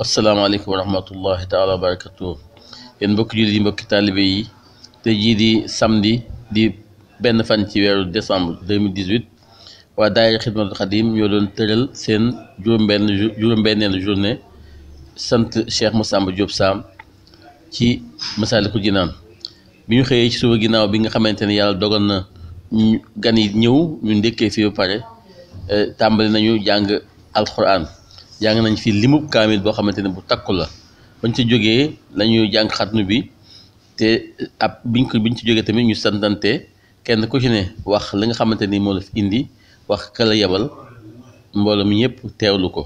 asalaamaaleykum wa rahmatullahi taala wa barakatuh yéen mbokki jullit yi mbokki taalibe yi te jii di samedi di benn fan ci weeru décembre 2018 waa daayira xidmatul xadim ñoo doon tëral seen juróom-benn juróom-benneelu journée sant Cheikh Massamba Diop Sam ci Masaalikul Jinaan bi ñu xëyee ci suba ginnaaw bi nga xamante ni yàlla dogal na gan yi ñëw ñu ndekkee fi ba pare eh, tàmbali nañu jàng alquran jàng nañ fi limub kaamil boo xamante ne bu takku la bañ ci jógee lañu jàng xatnu bi te ab biñ ko biñ ci jógee tamit ñu santante kenn ko ci ne wax li nga xamante ni moo la fi indi wax ka la mbooloo mi ñëpp teewlu ko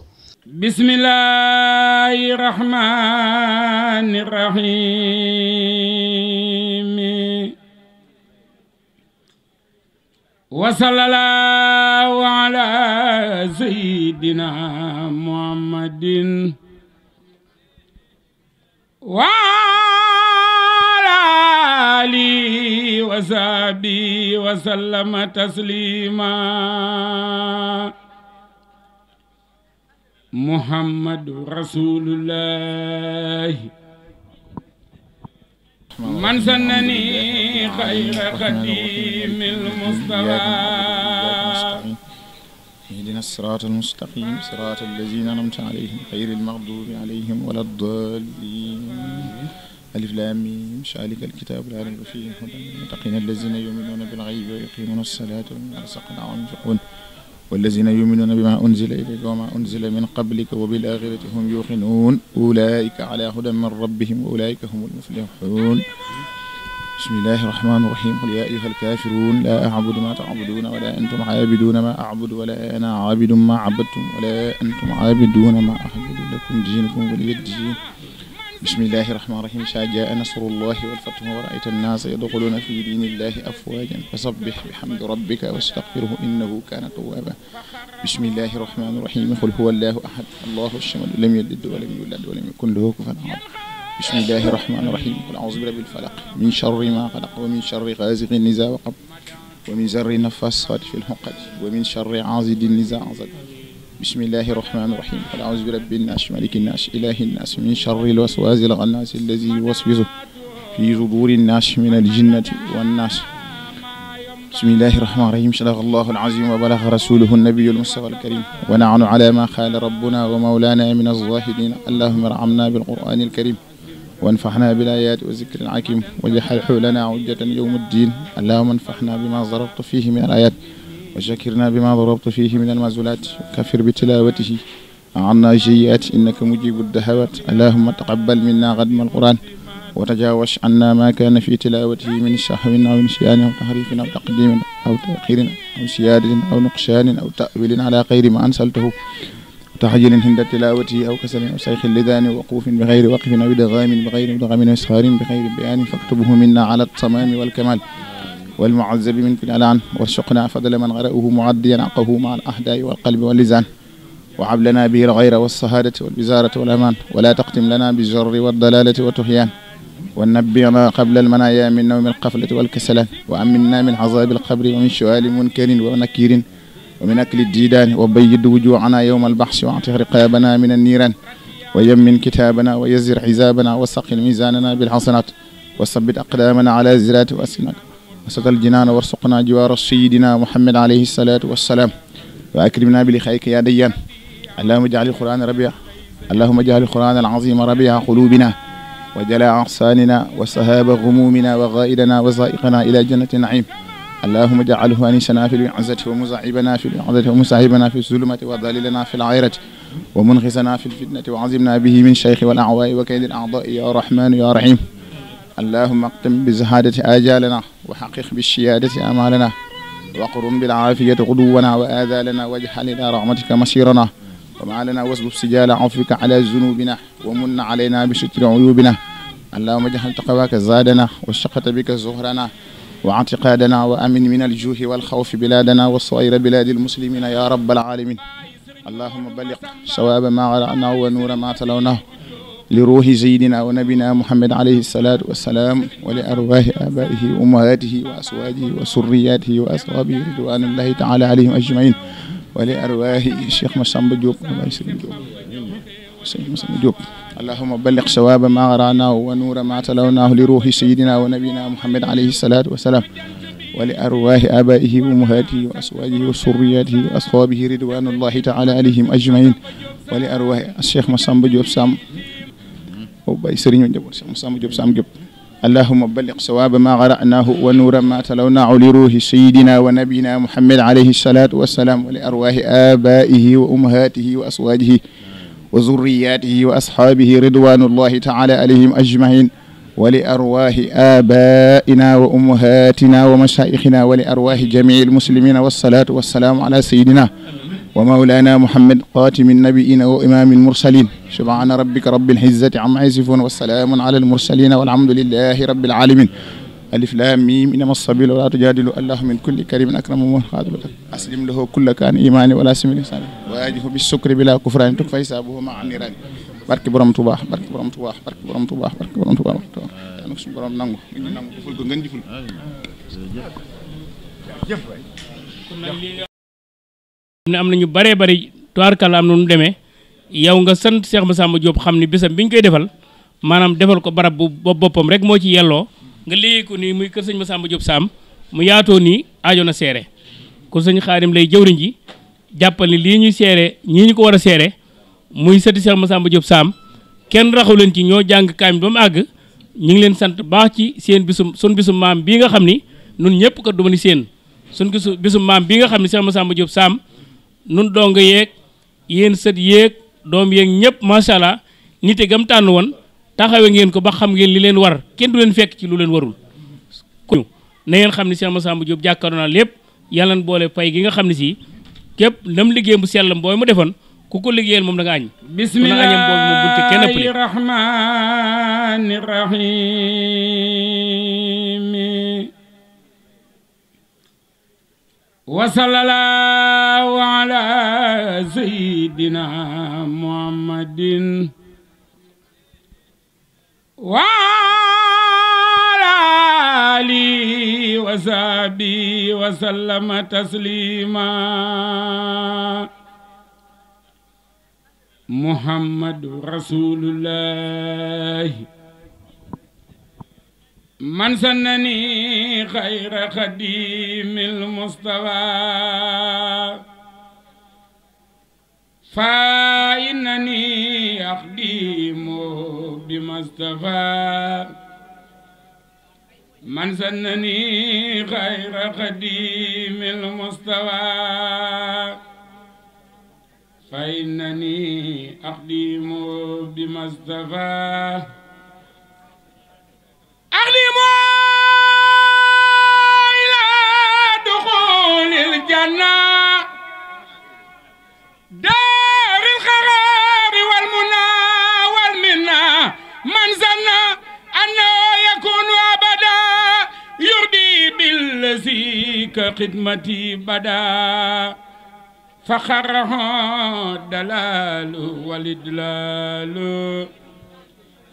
bismillahi rahmani rahim wa sallallahu محمد وعلى آله وصحبه وسلم تسليما محمد رسول الله من سنني خير خديم المصطفى ihdina siraat almustaqim siraat allazina anamta alayhim xayri almaxdubi alayhim wala dalin alif lam mim zalika alkitabu la rayba fihi hudan lilmuttaqin allazina yuminuna bilxaybi wa yuqimuna alsalata wa mimma razaqnahum yunfiqun والذين يؤمنون بما أنزل إليك وما أنزل من قبلك وبالآخرة هم يوقنون أولئك على هدى من ربهم وأولئك هم المفلحون bismillahi rahmaani rahim qul yaa ayyuha alkaafiruun laa abudu maa taabuduuna wala antum aabiduuna maa abudu wala ana aabidun maa abadtum wala antum aabiduuna maa abudu lakum diinukum waliya diin bismillahi rahmaani rahim izaa jaa nasrullahi wal fathu wa ra'ayta annaasa yadxuluuna fi diinillahi afwaajan fasabbih bihamdi rabbika wastaghfirhu innahu kaana tawwaaba bismillahi rahmaani rahim qul huwa allahu ahad allahu samad lam yalid wa lam yuulad wa lam yakun lahu kufuwan ahad bismillahi rahmaani rahim qul auzu bi rabbil falaq min charri ma xalaq wa min charri xaasiqin iza waqab wa min charri naffasaati fil uqad wa min charri aasidin iza hasad bismillahi rahmaani rahim qul auzu bi rabbin naas malikin naas ilahin naas min charri lwaswaasil xannaas allazi yuwaswisu fi suduurin naas minal jinnati wannaas bismillahi rahmaani rahim sadaqa allahu alazim wa balaga rasuluhu nabiyu almustafa alkarim wa nahnu ala ma qaala rabbuna wa mawlana min alzahidin allahumma arhamna bilqurani alkarim وانفعنا بالآيات وذكر الحكيم واجعل حولنا عجة يوم الدين اللهم انفعنا بما ضربت فيه من الآيات وشكرنا بما ضربت فيه من المعزولات وكفر بتلاوته عنا سيئات إنك مجيب الدهوات اللهم تقبل منا غدم القرآن وتجاوز عنا ما كان في تلاوته من سهو أو نسيان أو تحريف أو تقديم أو تأخير أو سيادة أو نقصان أو تأويل على غير ما أنزلته taxajulin hinda tilawatihi aw kasalin aw sayxin lidaani waquufin bi xayri waqfin aw idgaamin bi xayri idgaamin isxaarin bi xayri bayaanin faktubuhu minna ala tamaami walkamaal walmuazzabi min fil alaan warsuqna fadla man gara'uhu muaddiyan aqahu ma al ahdaai walqalbi wallisaan وهب لنا به الغير والسهادة والبزارة والأمان ولا تختم لنا بالجر والضلالة والطغيان ونبئنا قبل المنايا من نوم القفلة والكسلان وأمنا من عذاب القبر ومن شؤال منكر ونكير ومن أكل الديدان وبيض وجوعنا يوم البحث واعتق رقابنا من النيران ويمن كتابنا ويزر حزابنا وسقل ميزاننا بالحسنات وثبت أقدامنا على زرات وأسنك وسط الجنان وارزقنا جوار سيدنا محمد عليه الصلاة والسلام وأكرمنا بلقائك يا ديان اللهم اجعل القرآن ربيع اللهم اجعل القرآن العظيم ربيع قلوبنا وجلاء أحساننا وسهاب غمومنا وغائدنا وزائقنا إلى جنة النعيم allahuma jaalhu anisana fi lizzati wa musaibana fi lizzati wa musahibana fi zulumati wa dalilana fi layrati wa munxisana fi lfitnati wa azimna bihi min cheikhi wal awaai wa kaydi alaadai ya rahmanu ya rahim allahuma aqtim bi zahadati ajalana wa xaqiq bi shiyadati amalana waqrum bil aafiyati xuduwana wa aadalana wajhal ila rahmatika masirana wa maalana wasbub sijala afwika ala zunubina wa munna alayna bi sutri uyubina allahuma jahal taqawaka zaadana wa shaqata bika zuhrana wa atiqaadana wa amin min aljuuhi walxawfi bilaadana wa soyra bilaadi almuslimina ya rab alalamin allahuma baliq sawaaba ma qara'naa wa nuura ma talawnaa li ruuhi sayidina wa nabina muhammad alayhi salaatu wassalaam wa li arwaahi aabaihi wa ummahaatihi wa aswaajihi wa surriyaatihi wa asxaabihi ridwanullahi taala alayhim ajmain wa li arwaahi cheikh Massamba Diop Baye Serigne Diop Serigne Massamba Diop allahuma balliq sawaaba ma qara'naahu wa nuura ma talawnaahu li ruuxi sayidina wa nabiyina muhammad alayhi salaatu wasalaam wa li arwaahi abaa'ihi wa ummahaatihi wa aswaajihi wa surriyaatihi wa asxaabihi ridwaanullahi taala alayhim ajmain wa li arwaahi cheikh Massamba Diop Samb boobu bay sëriñ ma njaboot cheikh Massamba Diop Samb Diop allahuma balliq sawaaba ma qara'naahu wa nuura ma talawnaahu li ruuxi sayidina wa nabiyina muhammad alayhi salaatu wasalaam wa li arwaahi abaa'ihi wa ummahaatihi wa aswaajihi wa zurriyatihi wa ashaabihi ridwanullahi taala alayhim ajmain wa li arwahi abaina wa ummahatina wa mashayikhina wa li arwahi jamii almuslimina walsalatu walsalaamu ala sayidina wa maulana muhammad xatimi nabiina wa imami almursalin subhana rabbika rabbil izzati amma yasifun wa salaamun ala almursalina walhamdulillahi rabbil alamin alif laam miim inama sabil wala tujaadilu allahu min kulli karimin akramu man xaadul aslim lahu kulla kaan imaani wala simili sani waajihu bi sukri bi laa kufraani tuk fay saabu huma an niraani barke borom Tuubaa barke borom Tuubaa barke borom Tuubaa barke borom Tuubaa yàlla na suñu borom nangu nangu deful ko ngeen jëful jëf kon nag lii nga xam am baree bari tubaarkalla am na nu demee yow nga sant ma Massamba Diop xam ne bésam bi ñu koy defal maanaam defal ko barab bu boppam rek moo ci yelloo nga léegi ko nii muy kër sëñ Massamba Diop Sam mu yaatoo nii aajo na seere kon sëñ Xaadim lay jëwriñ ji jàppal ni lii ñuy seere ñii ñu ko war a seere muy sëti Cheikh Massamba Diop Sam kenn raxu leen ci ñoo jàng kaamil ba mu àgg ñu ngi leen sant baax ci seen bisum sun bisum maam bii nga xam ni nun ñëpp ko du ma ni seen sun gisu bisum maam bii nga xam ne Cheikh Massamba Diop Sam nun dong yeeg yéen sët yeeg doom yeeg ñëpp macha allah nit gam tànn woon taxawe ngeen ko ba xam ngeen li leen war kenn du leen fekk ci lu leen warul kon na ngeen xam ne seen Massamba Diop jàkkaarloo naa lépp yàlla na boole pay gi nga xam ne si képp nam liggéey mu sellam booy mu defoon ku ko liggéeyal moom da nga añ bismillaahi rahmaani rahiim wa sallallahu muhammadin وعلى آله وصحبه وسلم تسليما محمد رسول الله من سنني خير خديم المصطفى فإنني أخديم بما استفى من سنني خير خديم المستوى فإنني أخديم بما استفى إليك خدمتي بدا فخره دلال والإدلال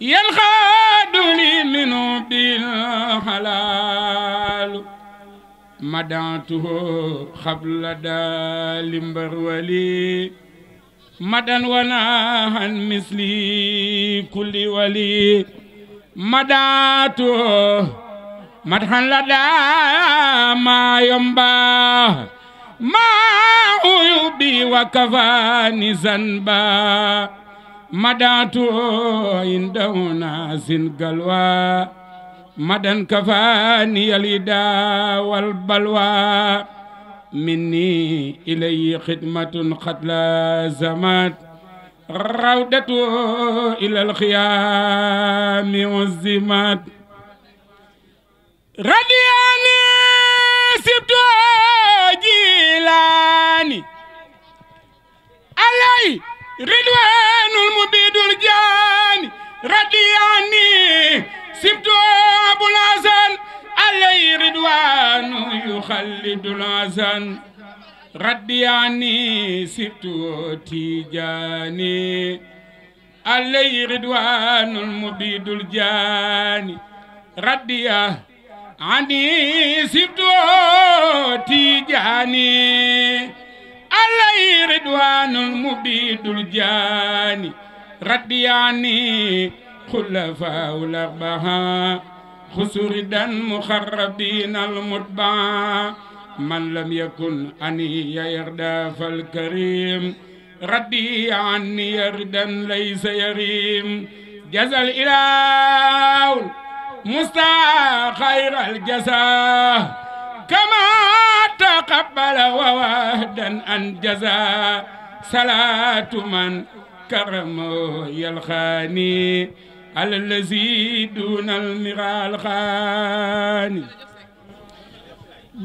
ينخاد لي منه بالحلال مدعته قبل دال برولي مدن وناها مثلي كل ولي مدعته مدحن لدى ما ينباه ما عيوبي وكفاني ذنبا مدعت عند أناس قلوى مدن كفاني الإداء والبلوى مني إلي خدمة قد لازمت روضة إلى الخيام عزمت radiyaani sibto jilaani alay ridwaanul mubidul jaani radiyaani sibto abul hasan alay ridwaanu yuxallidul hasan radiyaani sibto tijaani alay ridwaanul mubidul jaani radiya عني سبتو تيجاني علي ردوان المبيد الجاني ردياني خلفاء الأربعة خسردا مخربين المتبع من لم يكن أني يردى فالكريم ردي عني يردا ليس يريم جزى الإله مستا خير الجزاء كما تقبل ووهدا أنجزا صلاة من كرمه يلخاني على الذي دون المغال خاني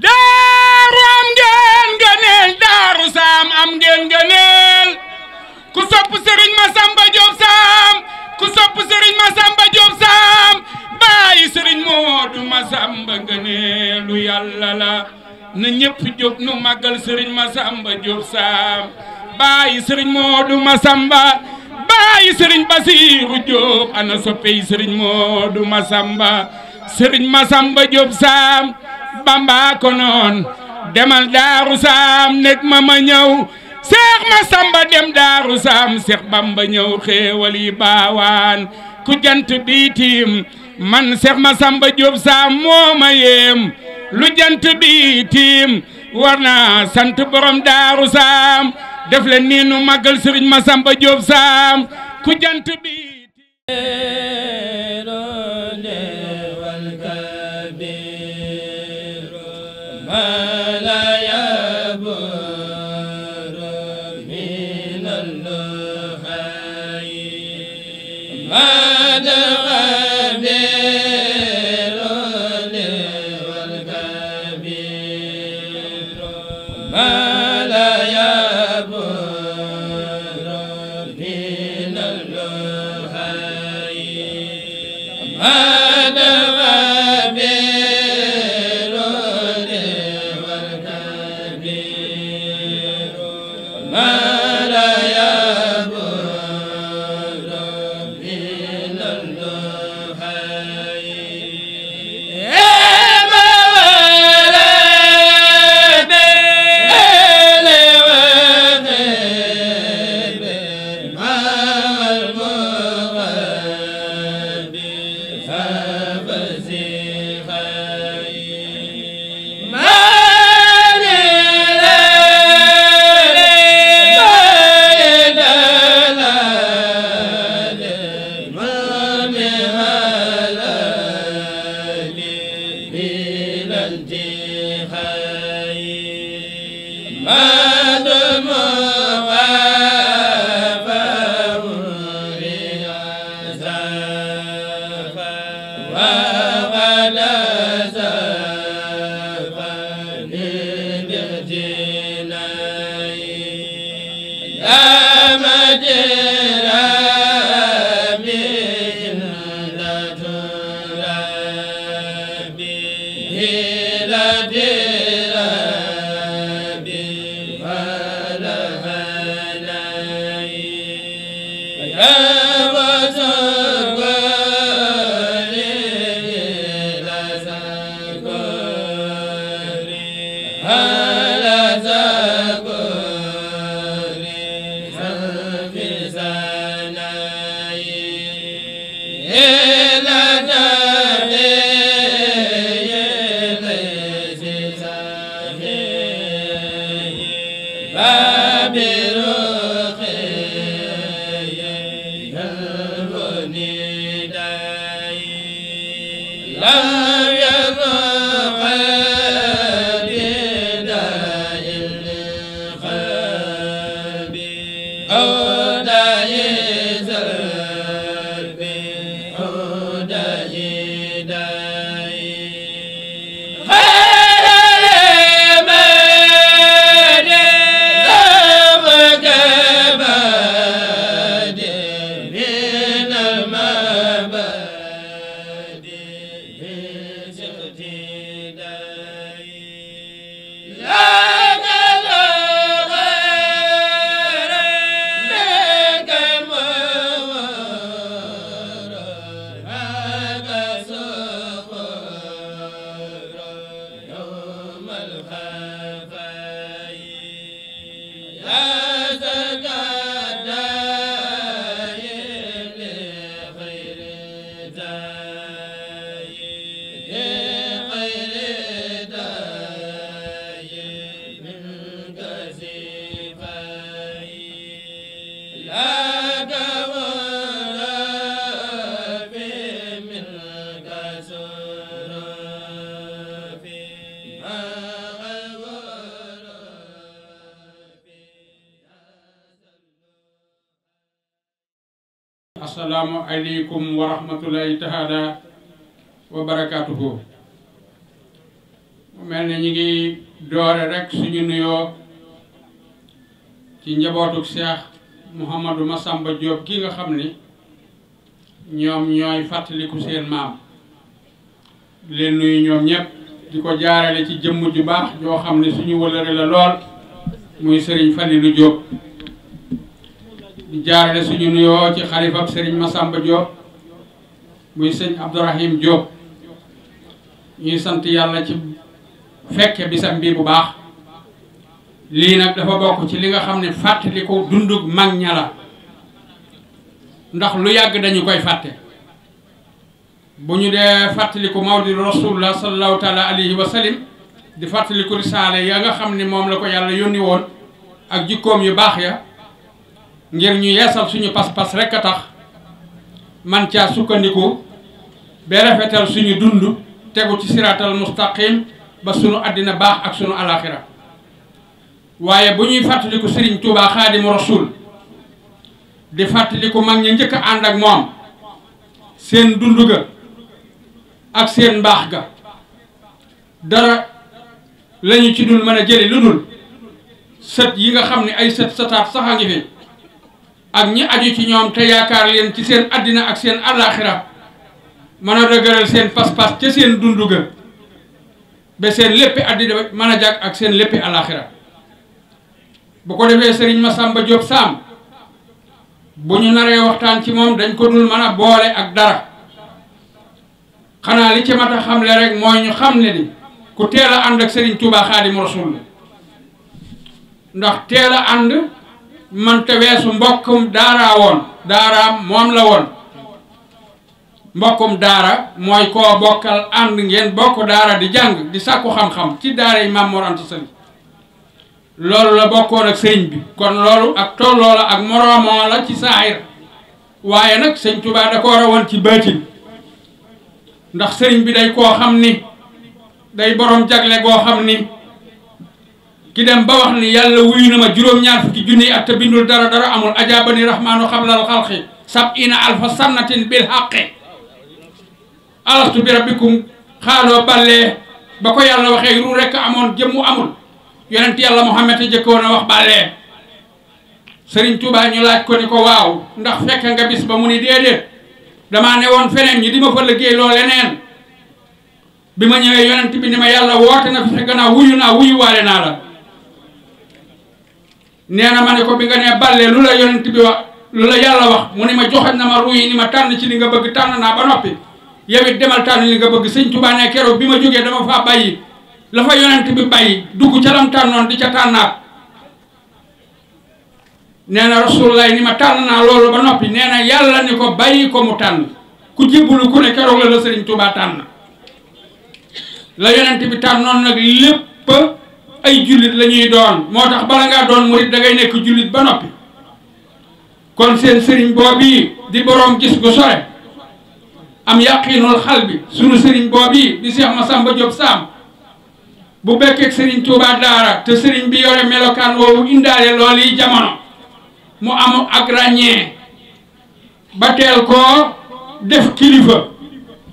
daaru am ngeen ngëneel daaru saam am ngeen ngëneel ku sopp sëriñ Masamba Diop saam ku sopp sëriñ Masamba Diop saam tey sëriñ Moodu Masamba ngëneelu yàlla la na ñëpp jóg nu màggal sëriñ Masamba Jóob Saam bàyyi sëriñ Moodu Masamba bàyyi sëriñ Basiiru Jóob ana soppey sëriñ Moodu Masamba sëriñ Masamba Jóob Saam Bamba ko noon demal Daaru Saam nekk ma ma ñëw Seex Masamba dem Daaru Saam Seex Bamba ñëw xéewal yi baawaan ku jant bi man Seex Masamba Jóob saa mooma yéem lu jant bi tiim war sant borom daaru saam def leen nii nu màggal Sëriñ Masamba Jóob saam ku jant bi tiim amajra la aleykum wa rahmatullahi taala wa barakaatuhu mu mel ne ñi ngi doore rek suñu nuyoo ci njabootuk Cheikh Mouhamadou Massamba Diop ki nga xam ni ñoom ñooy fàttaliku seen maam leen nuyu ñoom ñëpp di ko jaarale ci jëmm ju baax joo xam ne suñu wëlëre la lool muy Serigne Fallilou Diop di jaarale suñu nuyoo ci xalifab sëriñ Massamba Diop muy sëñ Abdourahim Diop ñuy sant yàlla ci fekke bisam bii bu baax lii nag dafa bokk ci li nga xam ne fàttali ko dundug mag ña la ndax lu yàgg dañu koy fàtte bu ñu dee fàttaliku mawdi rasulullah sallallahu taala alayhi wa sallam di fàttaliku risaale yaa nga xam ne moom la ko yàlla yónni woon ak jikkoom yu baax ya ngir ñu yeesal suñu pas-pas rekk a tax man caa sukkandiku ba rafetal suñu dund tegu ci siraatal mustaqim ba suñu àddina baax ak sunu alaxira waaye bu ñuy fàttaliku Serigne Touba Xaadimu Rasul di fàttaliku mag ñi njëkk ànd ak moom seen dund ga ak seen baax ga dara lañu ci dul mën a jëli lu dul sët yi nga xam ni ay sët sëtaat sax a ngi fi ak ñi aju ci ñoom te yaakaar leen ci seen addina ak seen alaxira mën a dëgëral seen pas-pas ci seen dundu ga ba seen léppi addina mën a jàkk ak seen lépp alaxira bu ko defee ma Massamba Diop Sam bu ñu naree waxtaan ci moom dañ ko dul mën a boole ak dara xanaa li ci mat a xamle rek mooy ñu xam ne ni ku teel a ànd ak Serigne Touba Xaadimu Rasul ndax teel a ànd. mënta weesu mbokkum daara woon daaraam moom la woon mbokkum daara mooy koo bokkal ànd ngeen bokk daara di jàng di sàkku xam-xam ci daara yi Maam Mor Anta Sali loolu la bokkoon ak sëñ bi kon loolu ak tolloo la ak moroomoo la ci saahir waaye nag sëñ Tuubaa da koo rawoon ci baatin ndax sëriñ bi day koo xam ni day boroom jagle goo xam ni ki dem ba wax ni yàlla wuyu na ma juróom-ñaar ki junni at te bindul dara dara amul ajaabani rahmaanu xablal xalqi sab ina alfa sannatin bil xaqe alastu bi rabbikum xaaloo ballee ba ko yàlla waxee ru rekk amoon jëmmu amul yonent yàlla Muhammad jëkkoon a wax ballee Sëriñ Tuubaa ñu laaj ko ni ko waaw ndax fekk nga bis ba mu ni déedéet damaa ne woon feneen ñi di ma fa liggéey loo leneen bi ma ñëwee yonent bi ni ma yàlla woote na fi sa gannaaw naa wuyu nee na ma ne ko bi nga nee bàllee lu la yonent bi wax lu la yàlla wax mu ne ma joxoñ na ma ruy ni ma tànn ci li nga bëgg tànn naa ba noppi yow it demal tànn li nga bëgg sëñ Tuubaa ne keroog bi ma jógee dama faa bàyyi la fa yonent bi bàyyi dugg ca lam tànnoon di ca tànnaat nee na rasulullaay ni ma tànn naa loolu ba noppi nee na yàlla ni ko bàyyi ko mu tànn ku jébbalu ku ne keroog la la sëriñ Tuubaa tànn la yonent bi tànnoon nag lépp ay jullit lañuy ñuy doon moo tax bala ngaa doon murit da nekk jullit ba noppi kon seen sëriñ boobu di boroom gis gu sore am yàqiinul xal bi sunu sëriñ boobu di Cheikh Massamba Diop Sam bu bekkeek sëriñ Touba Daara te sëriñ bi yore melokaan woowu indaale loolu yi jamono mu am ak ràññee ba teel koo def kilifa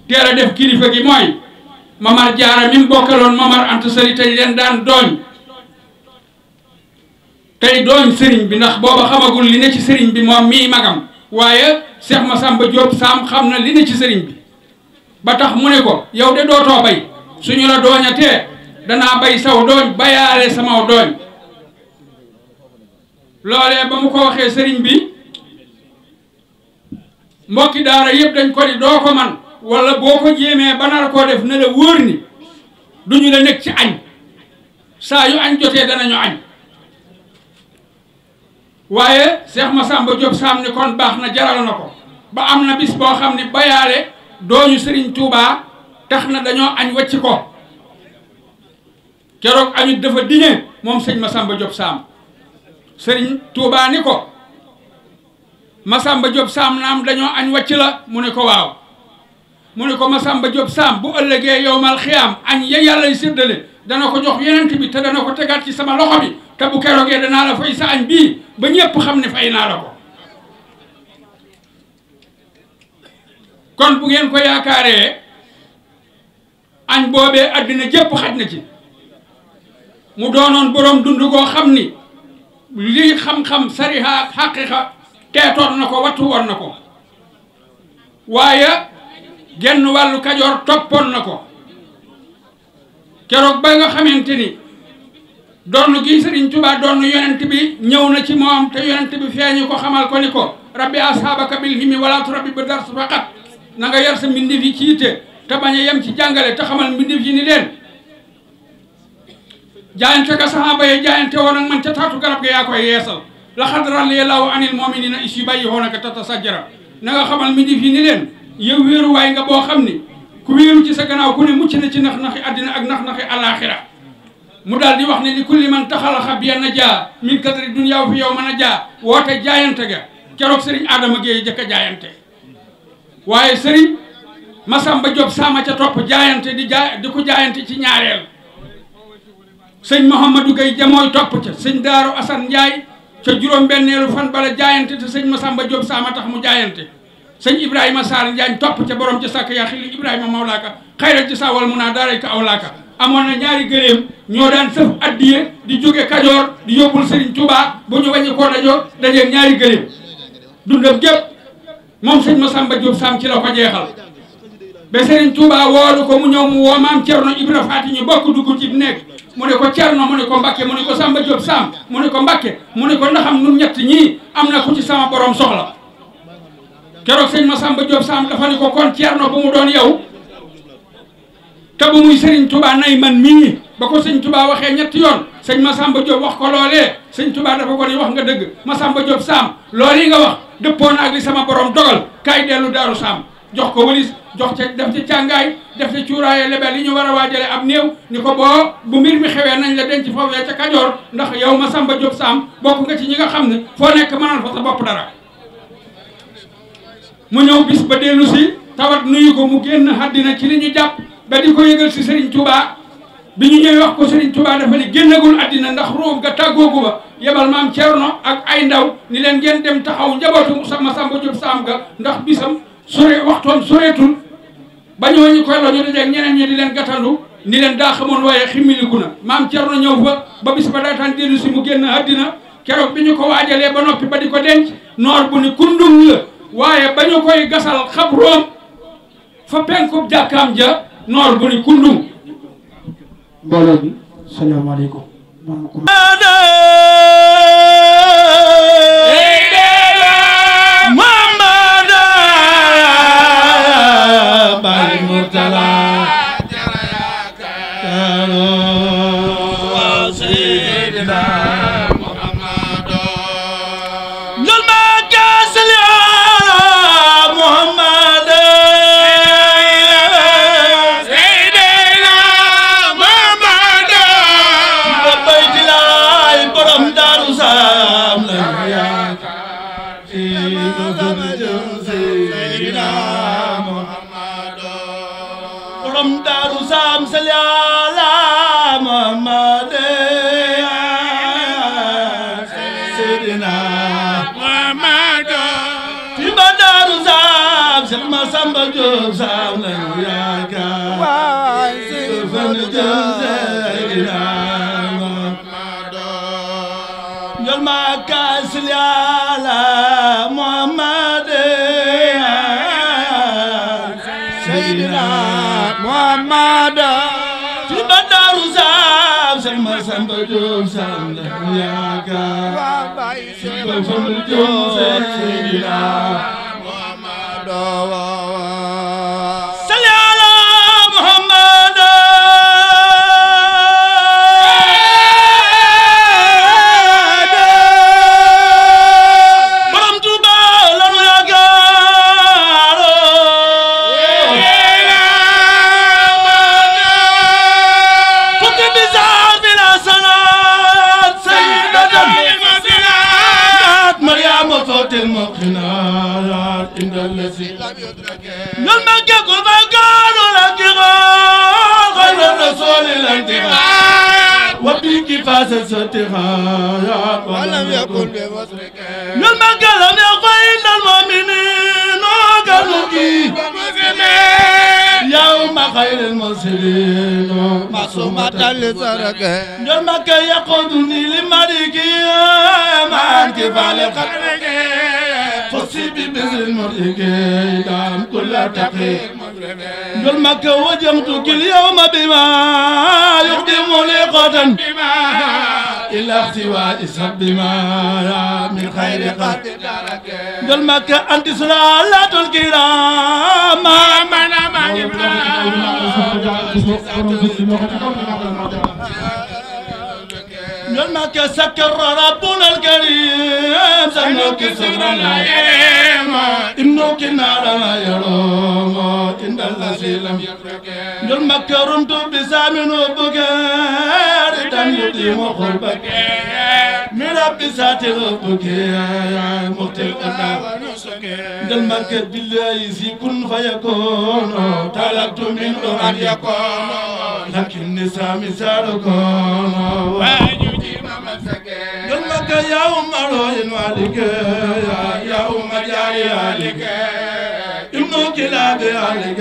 teel a def kilifa gi mooy mamar jaara mi mu bokkaloon mamar ant sëri tey leen daan dooñ tey dooñ sëriñ bi ndax booba xamagul li ne ci sëriñ bi moom mii magam waaye ma Massamba Diop Sam xam na li ne ci sëriñ bi ba tax mu ne ko yow de dootoo bay suñu la dooñatee danaa bay saw dooñ bayaale sama dooñ loolee ba mu ko waxee sëriñ bi mbokki daara yëpp dañ ko di doo ko man wala boo ko jéemee ba nar koo def ne la wóor ni duñu la nekk ci añ saa yu añ jotee danañu añ waaye Cheikh Massamba Diop Sam ni kon baax na jaral na ko ba am na bis boo xam ne bayaale dooñu sëriñ tuubaa tax na dañoo añ wacc ko keroog amit dafa dine moom sëñ Massamba Diop Sam Serigne Touba ni ko Massamba Diop Sam dañoo añ wacc la mu ne ko waaw mu ne ko ma sàmba Diop Samb bu ëllëgee yowmal xiyaam añ ya yàlla séddale dana ko jox yenent bi te dana ko tegaat ci sama loxo bi te bu keroogee danaa la fay sa añ bii ba ñépp xam ne fay naa la ko kon bu ngeen ko yaakaaree añ boobee àddina jëpp xaj na ci mu doonoon boroom dund koo xam ni lii xam-xam sariha ak xaqiqa teetoon na ko wattu woon na ko waaye genn wàllu kajoor toppoon na ko keroog ba nga xamante ni doon gi Sëriñ Tuubaa doon yonent bi ñëw na ci moom te yonent bi feeñu ko xamal ko ni ko rabbi ashaabaka bil himmi wala turabbi bi dars faqat na nga yar sa mbindeef yi ci yitte te bañ a yem ci jàngale te xamal mbindeef yi ni leen jaayante ga saxaaba yi jaayante woon ak man ca taatu garab ga yaa koy yeesal laqad radiyallaahu anil mu'miniina iz yubaayi'uunaka tahta shajara na nga xamal mbindeef yi ni leen yow wéeruwaay nga boo xam ni ku wéeru ci sa ganaaw ku ne mucc na ci nax-naxi àddina ak nax-naxi alaxira mu daal di wax ne li kulli man taxalaxa bi na jaa min kadri duniyaaw fi yow mën a jaa woote jaayante ga keroog sëriñ Adama Gueye jëkk a jaayante waaye sëriñ Masamba Diop sama ca topp jaayante di jaa di ko jaayante ci ñaareel sëñ Mouhamadou Gueye jamooy topp ca sëñ Daaru Assane Ndiaye ca juróom-benneelu fan bala jaayante te sëñ Masamba Diop sama tax mu jaayante sëñ ibrahima saar njaañ topp ca borom ca sàkk yaa xili ibrahima mawlaaka xayral ci sawal mu naa daaray ka awlaaka amoon na ñaari gëléem ñoo daan sëf addiye di jóge kajoor di yóbbul sëriñ tubaa bu ñu wañu koo dajoo dajeeg ñaari gëléem dundam gépp moom sëñ Masamba Jóob Sam ci la ko jeexal ba sëriñ tubaa woolu ko mu ñëw mu woo maam cerno ibra faati ñu bokk dugg ci nekk mu ne ko cerno mu ne ko mbakke mu ne ko samba Jóob Sam mu ne ko mbakke mu ne ko ndaxam nun ñett ñii am na ku ci sama borom soxla keroog sëñ Massamba Diop Samb dafa ni ko kon ceer Ceerno bu mu doon yow te ba muy sëriñ tubaa nay man mii ba ko sëñ tubaa waxee ñetti yoon sëñ Massamba Diop wax ko loolee sëñ Touba dafa ko ni wax nga dëgg Massamba Diop Samb lool yi nga wax dëppoo na ak li sama borom dogal kaay dellu Daaru Samb jox ko walis jox ca def ca càngaay def ca cuuraaye lebel li ñu war a waajale ab néew ni ko boo bu mbir mi xewee nañ la denc foofee ca Kajoor ndax yow Massamba Diop Samb bokk nga ci ñi nga xam ne foo nekk mënal fa bopp dara mu ñëw bis ba dellusi si tawat nuyu ko mu génn àddina ci li ñu jàpp ba di ko yëgal si Serigne Touba bi ñu ñëwee wax ko Serigne Touba dafa ne génnagul àddina ndax ruuf ga tàggoogu ba yebal maam Thierno ak ay ndaw ni leen ngeen dem taxaw njabootu sama Samba Diop Samb ga ndax bisam sore waxtoon soreetul ba ñoo ñu koy loñu dajeeg ñeneen ñi di leen gàttandu ni leen daa xamoon waaye ximmiliku na maam Thierno ñëw fa ba bis ba daataan dellu si mu génn àddina keroog bi ñu ko waajalee ba noppi ba di ko denc noor bu ni kundum la waaye ba ñu koy gasal xabroom fa penkub jàkkaam ja noor bu ni kundum mbooloo bi Samba Diop Sam lañu yaakaar waay sëñ Diop Seydina Mohamed Ndiol ma kaas yàlla Mohamed Seydina Mohamed ci ba Daaru Sam sëñ ma Samba Diop Sam lañu yaakaar waay sëñ Diop Seydina Mohamed الانتهاء وبك فاز الانتهاء ولم يكن بمصرك يلمك لم يقل إن المؤمنين قلبك يوم خير المسلمين معصومة لسرك يلمك يقودني لمريك مع انتفاع لقدرك فصيبي بذل المريك دام كل تقي jol makka wajamtu kil yawma bima yuqdimu liqatan ila siwa isab bima ya min khayri qad jol makka anti salatul kiram ma mana ma ibra لما سكر ربنا الكريم سنوك سرنا إنك نارا يروم إن الذي لم يفرق لما كرمت بسامن وبكار تنيتيم قربك من رب ساتر بكير مختلفنا لما بالله كن فيكون تلقت من أن يكون لكن نسامي ساركون يوم روح مالك يوم جاري عليك ابن كلاب عليك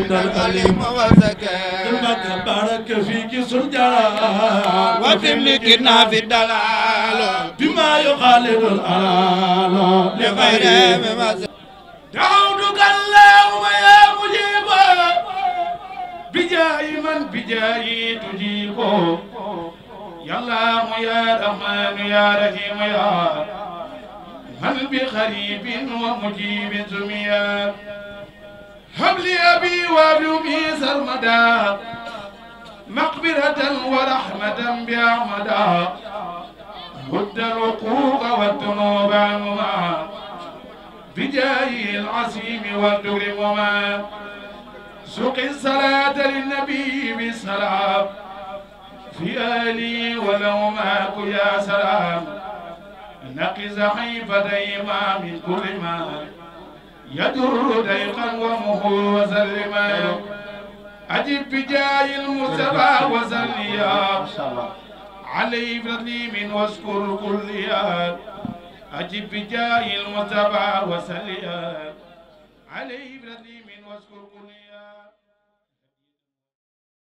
ابن القليم وزكى ابن بارك فيك سجرا وتملكنا في الدلال بما يخالد الألال لغير ممزك دعوتك اللهم يا مجيب بجاه من بجاه تجيبه يا الله يا رحمن يا رحيم يا هل بخريب ومجيب زميا هب لي أبي وأبي سرمدا مقبرة ورحمة بأحمدا هد الوقوق والذنوب عنهما بجاه العظيم والدر وما سق الصلاة للنبي بالسلام في أهلي ولو معك يا سلام نقز حيفتي ما من كل ما يدر ديقا ومه وسلما أجب بجاه المرتبى وسليا علي فضلي من واشكر كليا أجب بجاه المرتبى وسليا علي فضلي من واشكر كليا